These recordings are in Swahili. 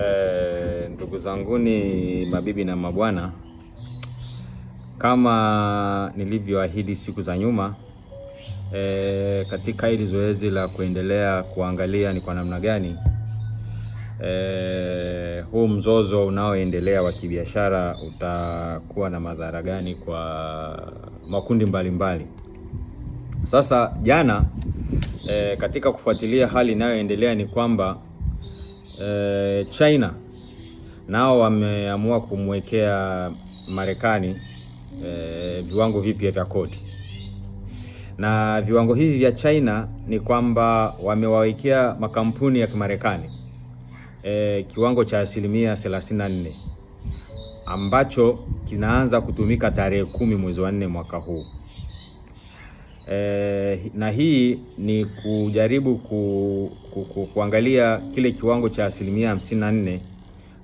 E, zangu zanguni mabibi na mabwana, kama nilivyoahidi siku za nyuma e, katika hili zoezi la kuendelea kuangalia ni kwa namna gani e, huu mzozo unaoendelea wa kibiashara utakuwa na madhara gani kwa makundi mbalimbali mbali. Sasa jana e, katika kufuatilia hali inayoendelea ni kwamba eh, China nao wameamua kumwekea Marekani eh, viwango vipya vya kodi, na viwango hivi vya China ni kwamba wamewawekea makampuni ya Kimarekani e, kiwango cha asilimia 34 ambacho kinaanza kutumika tarehe kumi mwezi wa nne mwaka huu e, na hii ni kujaribu ku, ku, ku, kuangalia kile kiwango cha asilimia hamsini na nne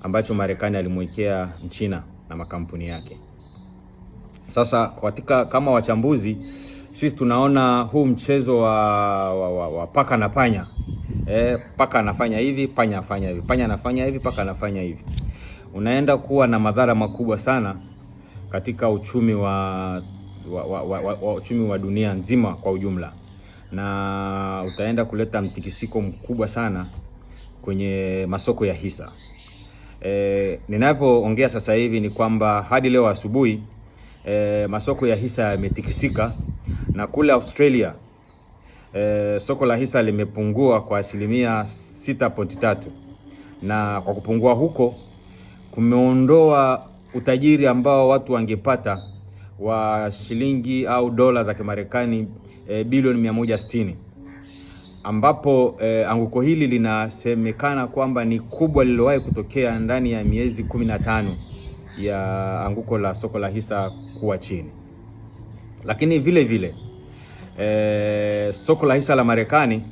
ambacho Marekani alimwekea mchina na makampuni yake. Sasa katika kama wachambuzi sisi tunaona huu mchezo wa, wa, wa, wa paka na panya e, paka anafanya hivi, panya afanya hivi, panya anafanya hivi, paka anafanya hivi, unaenda kuwa na madhara makubwa sana katika uchumi wa wa, wa, wa, wa, wa uchumi wa dunia nzima kwa ujumla, na utaenda kuleta mtikisiko mkubwa sana kwenye masoko ya hisa. E, ninavyoongea sasa hivi ni kwamba hadi leo asubuhi e, masoko ya hisa yametikisika na kule Australia e, soko la hisa limepungua kwa asilimia 6.3 na kwa kupungua huko kumeondoa utajiri ambao watu wangepata wa shilingi au dola za Kimarekani e, bilioni 160 ambapo e, anguko hili linasemekana kwamba ni kubwa lililowahi kutokea ndani ya miezi 15 ya anguko la soko la hisa kuwa chini. Lakini vile vile e, soko la hisa la Marekani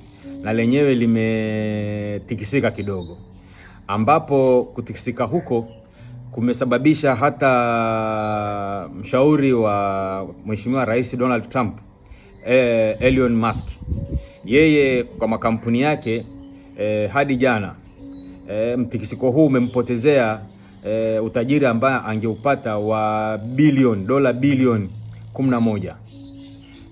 na lenyewe limetikisika kidogo, ambapo kutikisika huko kumesababisha hata mshauri wa Mheshimiwa Rais Donald Trump eh, Elon Musk yeye kwa makampuni yake eh, hadi jana eh, mtikisiko huu umempotezea eh, utajiri ambaye angeupata wa bilioni dola bilioni 11.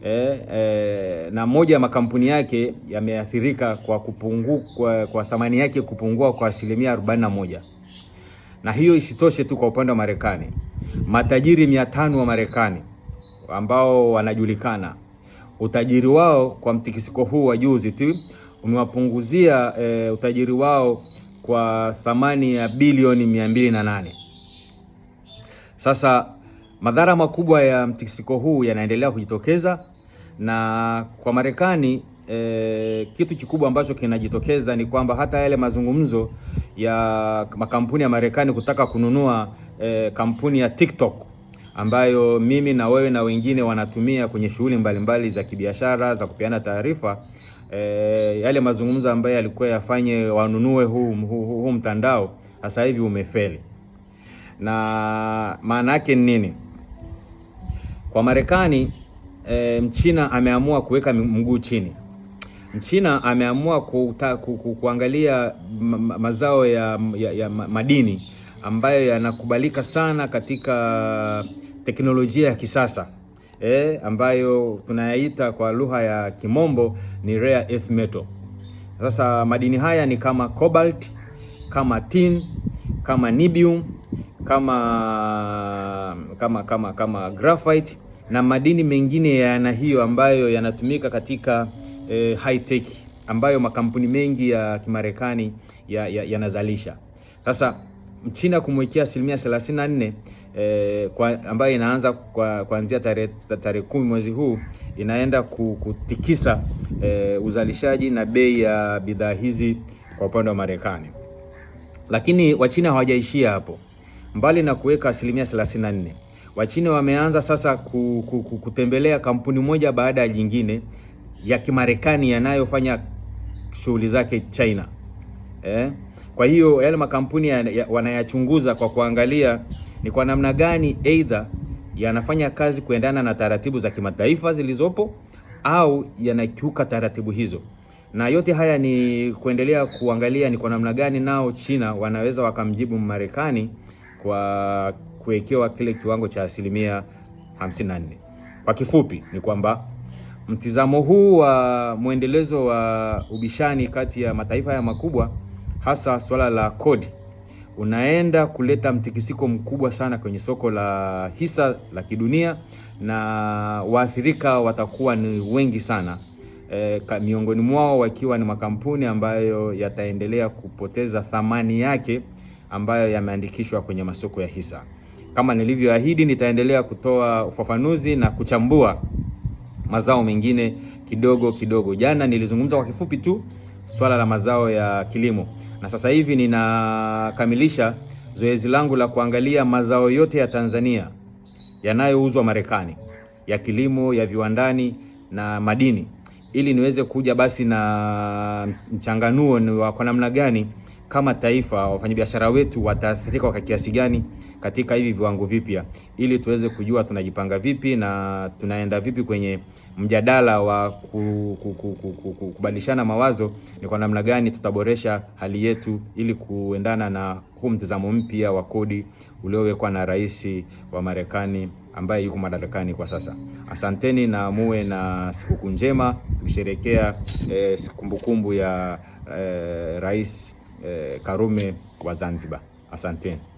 Eh, eh, na moja ya makampuni yake yameathirika kwa, kupungua kwa, kwa thamani yake kupungua kwa asilimia 41. Na hiyo isitoshe tu, kwa upande wa Marekani, matajiri mia tano wa Marekani ambao wanajulikana, utajiri wao kwa mtikisiko huu wa juzi tu umewapunguzia e, utajiri wao kwa thamani ya bilioni mia mbili na nane. Sasa madhara makubwa ya mtikisiko huu yanaendelea kujitokeza na kwa Marekani e, kitu kikubwa ambacho kinajitokeza ni kwamba hata yale mazungumzo ya makampuni ya Marekani kutaka kununua eh, kampuni ya TikTok ambayo mimi na wewe na wengine wanatumia kwenye shughuli mbalimbali za kibiashara za kupeana taarifa. E, yale mazungumzo ambayo yalikuwa yafanye wanunue huu, huu, huu, huu mtandao sasa hivi umefeli, na maana yake ni nini kwa Marekani? E, eh, Mchina ameamua kuweka mguu chini. Mchina ameamua kuta, ku, ku, kuangalia ma, ma, mazao ya, ya, ya madini ambayo yanakubalika sana katika teknolojia ya kisasa e, ambayo tunayaita kwa lugha ya kimombo ni rare earth metal. Sasa madini haya ni kama cobalt, kama tin, kama nibium, kama kama kama kama graphite na madini mengine ya hiyo ambayo yanatumika katika eh, high tech ambayo makampuni mengi ya Kimarekani yanazalisha ya, ya sasa Mchina kumwekea asilimia 34 eh, kwa, ambayo inaanza kwa, kuanzia tarehe tare kumi mwezi huu inaenda kutikisa eh, uzalishaji na bei ya bidhaa hizi kwa upande wa Marekani. Lakini Wachina hawajaishia hapo. Mbali na kuweka asilimia 34, Wachina wameanza sasa kutembelea kampuni moja baada ya jingine ya Kimarekani yanayofanya shughuli zake China eh? Kwa hiyo yale makampuni ya, ya, wanayachunguza kwa kuangalia ni kwa namna gani either yanafanya kazi kuendana na taratibu za kimataifa zilizopo au yanakiuka taratibu hizo, na yote haya ni kuendelea kuangalia ni kwa namna gani nao China wanaweza wakamjibu Marekani kwa kuwekewa kile kiwango cha asilimia 54. Kwa kifupi ni kwamba Mtizamo huu wa mwendelezo wa ubishani kati ya mataifa haya makubwa, hasa swala la kodi, unaenda kuleta mtikisiko mkubwa sana kwenye soko la hisa la kidunia, na waathirika watakuwa ni wengi sana e, miongoni mwao wakiwa ni makampuni ambayo yataendelea kupoteza thamani yake ambayo yameandikishwa kwenye masoko ya hisa. Kama nilivyoahidi, nitaendelea kutoa ufafanuzi na kuchambua mazao mengine kidogo kidogo. Jana nilizungumza kwa kifupi tu swala la mazao ya kilimo, na sasa hivi ninakamilisha zoezi langu la kuangalia mazao yote ya Tanzania yanayouzwa Marekani ya kilimo, ya viwandani na madini, ili niweze kuja basi na mchanganuo ni kwa namna gani kama taifa wafanyabiashara wetu wataathirika kwa kiasi gani katika hivi viwango vipya, ili tuweze kujua tunajipanga vipi na tunaenda vipi kwenye mjadala wa kubadilishana mawazo, ni kwa namna gani tutaboresha hali yetu ili kuendana na huu mtazamo mpya wa kodi uliowekwa na rais wa Marekani ambaye yuko madarakani kwa sasa. Asanteni na muwe na sikukuu njema, tukisherekea eh, kumbukumbu ya eh, rais eh, Karume wa Zanzibar. Asanteni.